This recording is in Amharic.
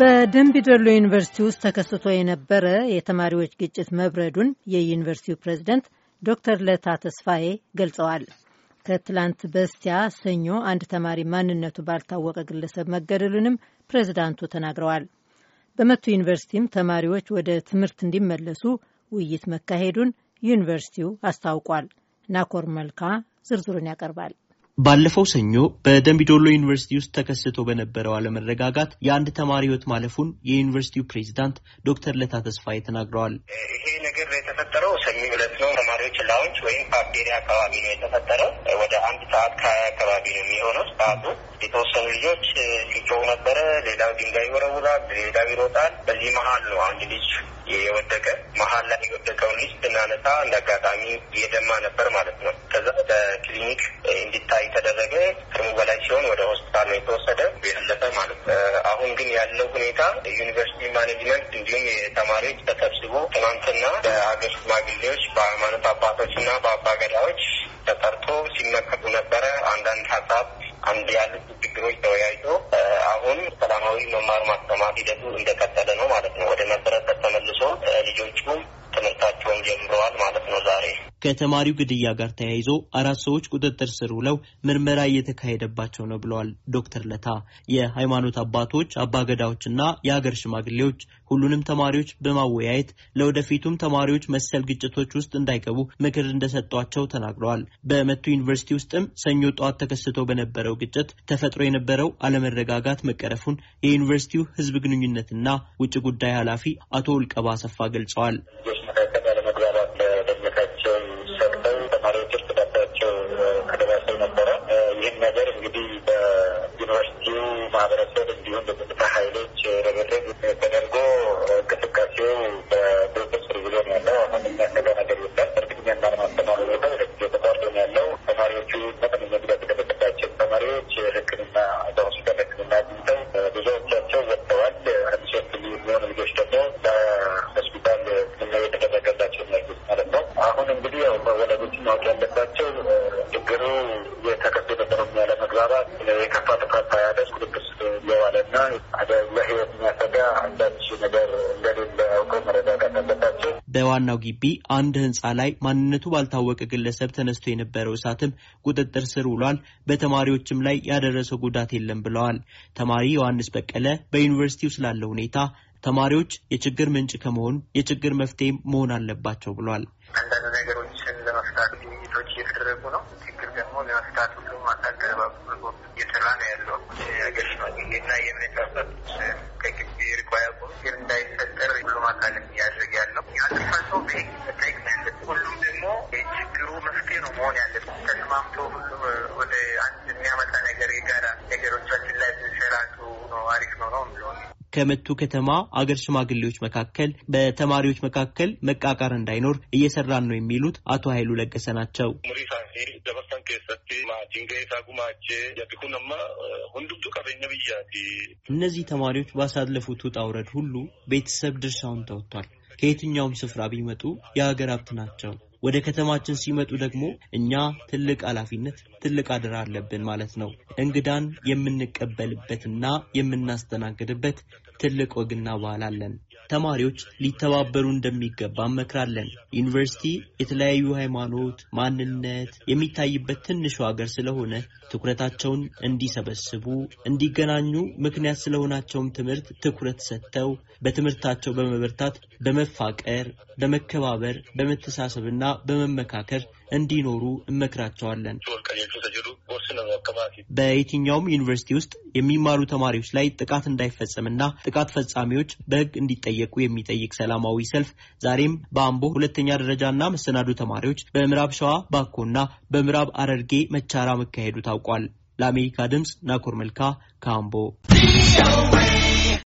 በደንቢዶሎ ዩኒቨርሲቲ ውስጥ ተከስቶ የነበረ የተማሪዎች ግጭት መብረዱን የዩኒቨርሲቲው ፕሬዝደንት ዶክተር ለታ ተስፋዬ ገልጸዋል። ከትላንት በስቲያ ሰኞ አንድ ተማሪ ማንነቱ ባልታወቀ ግለሰብ መገደሉንም ፕሬዝዳንቱ ተናግረዋል። በመቱ ዩኒቨርሲቲም ተማሪዎች ወደ ትምህርት እንዲመለሱ ውይይት መካሄዱን ዩኒቨርሲቲው አስታውቋል። ናኮር መልካ ዝርዝሩን ያቀርባል። ባለፈው ሰኞ በደምቢዶሎ ዩኒቨርሲቲ ውስጥ ተከስቶ በነበረው አለመረጋጋት የአንድ ተማሪ ህይወት ማለፉን የዩኒቨርሲቲው ፕሬዚዳንት ዶክተር ለታ ተስፋዬ ተናግረዋል። ይሄ ነገር የተፈጠረው ሰኞ ዕለት ፓርቲዎች ላውንች ወይም ካፌቴሪያ አካባቢ ነው የተፈጠረው። ወደ አንድ ሰዓት ከሀያ አካባቢ ነው የሚሆነው ሰዓቱ። የተወሰኑ ልጆች ሲጮው ነበረ። ሌላው ድንጋይ ይወረውራል፣ ሌላው ይሮጣል። በዚህ መሀል ነው አንድ ልጅ የወደቀ መሀል ላይ የወደቀውን ልጅ ስናነሳ እንደ አጋጣሚ እየደማ ነበር ማለት ነው። ከዛ በክሊኒክ እንዲታይ ተደረገ። ህክሙ በላይ ሲሆን ወደ ሆስፒታል ነው የተወሰደ ያለፈ ማለት ነው። አሁን ግን ያለው ሁኔታ ዩኒቨርሲቲ ማኔጅመንት እንዲሁም የተማሪዎች ተሰብስቦ እና በሀገር ሽማግሌዎች፣ በሃይማኖት አባቶች እና በአባ ገዳዎች ተጠርቶ ሲመከሩ ነበረ። አንዳንድ ሀሳብ አንድ ያሉት ችግሮች ተወያይቶ አሁን ሰላማዊ መማር ማስተማር ሂደቱ እንደቀጠለ ነው ማለት ነው። ከተማሪው ግድያ ጋር ተያይዞ አራት ሰዎች ቁጥጥር ስር ውለው ምርመራ እየተካሄደባቸው ነው ብለዋል ዶክተር ለታ። የሃይማኖት አባቶች፣ አባገዳዎችና የሀገር ሽማግሌዎች ሁሉንም ተማሪዎች በማወያየት ለወደፊቱም ተማሪዎች መሰል ግጭቶች ውስጥ እንዳይገቡ ምክር እንደሰጧቸው ተናግረዋል። በመቱ ዩኒቨርሲቲ ውስጥም ሰኞ ጠዋት ተከስቶ በነበረው ግጭት ተፈጥሮ የነበረው አለመረጋጋት መቀረፉን የዩኒቨርሲቲው ህዝብ ግንኙነትና ውጭ ጉዳይ ኃላፊ አቶ ውልቀባ አሰፋ ገልጸዋል። ይህን ነገር እንግዲህ በዩኒቨርሲቲው ማህበረሰብ እንዲሁም በጸጥታ ኃይሎች ያው ወላጆች ማወቅ ያለባቸው ችግሩ የተከሱ በኦሮሚያ ለመግባባት የከፋ ጥፋት ያደስ ቁጥጥር ስር የዋለና ለሕይወት የሚያሰጋ አንዳች ነገር እንደሌለ አውቀው መረዳት አለባቸው። በዋናው ግቢ አንድ ህንፃ ላይ ማንነቱ ባልታወቀ ግለሰብ ተነስቶ የነበረው እሳትም ቁጥጥር ስር ውሏል፣ በተማሪዎችም ላይ ያደረሰው ጉዳት የለም ብለዋል። ተማሪ ዮሐንስ በቀለ በዩኒቨርሲቲው ስላለ ሁኔታ ተማሪዎች የችግር ምንጭ ከመሆን የችግር መፍትሄ መሆን አለባቸው ብሏል። አንዳንድ ነገሮችን ለመፍታት ግኝቶች እየተደረጉ ነው። ችግር ደግሞ ለመፍታት ሁሉም አካል እየሰራ ነው ያለው። የሀገር ሽማግሌና የእምነት አባቶች ከግቢ ርቆ ያቆም እንዳይፈጠር ሁሉም አካልም ያለ ከመቱ ከተማ አገር ሽማግሌዎች መካከል በተማሪዎች መካከል መቃቃር እንዳይኖር እየሰራን ነው የሚሉት አቶ ኃይሉ ለገሰ ናቸው። እነዚህ ተማሪዎች ባሳለፉት ውጣ ውረድ ሁሉ ቤተሰብ ድርሻውን ተወጥቷል። ከየትኛውም ስፍራ ቢመጡ የሀገር ሀብት ናቸው። ወደ ከተማችን ሲመጡ ደግሞ እኛ ትልቅ ኃላፊነት፣ ትልቅ አደራ አለብን ማለት ነው። እንግዳን የምንቀበልበትና የምናስተናግድበት ትልቅ ወግና ባህል አለን። ተማሪዎች ሊተባበሩ እንደሚገባ እመክራለን። ዩኒቨርሲቲ የተለያዩ ሃይማኖት፣ ማንነት የሚታይበት ትንሹ ሀገር ስለሆነ ትኩረታቸውን እንዲሰበስቡ፣ እንዲገናኙ ምክንያት ስለሆናቸውም ትምህርት ትኩረት ሰጥተው በትምህርታቸው በመበርታት በመፋቀር፣ በመከባበር፣ በመተሳሰብና በመመካከር እንዲኖሩ እመክራቸዋለን። ነው በየትኛውም ዩኒቨርሲቲ ውስጥ የሚማሩ ተማሪዎች ላይ ጥቃት እንዳይፈጸምና ጥቃት ፈጻሚዎች በሕግ እንዲጠየቁ የሚጠይቅ ሰላማዊ ሰልፍ ዛሬም በአምቦ ሁለተኛ ደረጃና መሰናዶ ተማሪዎች በምዕራብ ሸዋ ባኮና በምዕራብ አረርጌ መቻራ መካሄዱ ታውቋል። ለአሜሪካ ድምፅ ናኮር መልካ ከአምቦ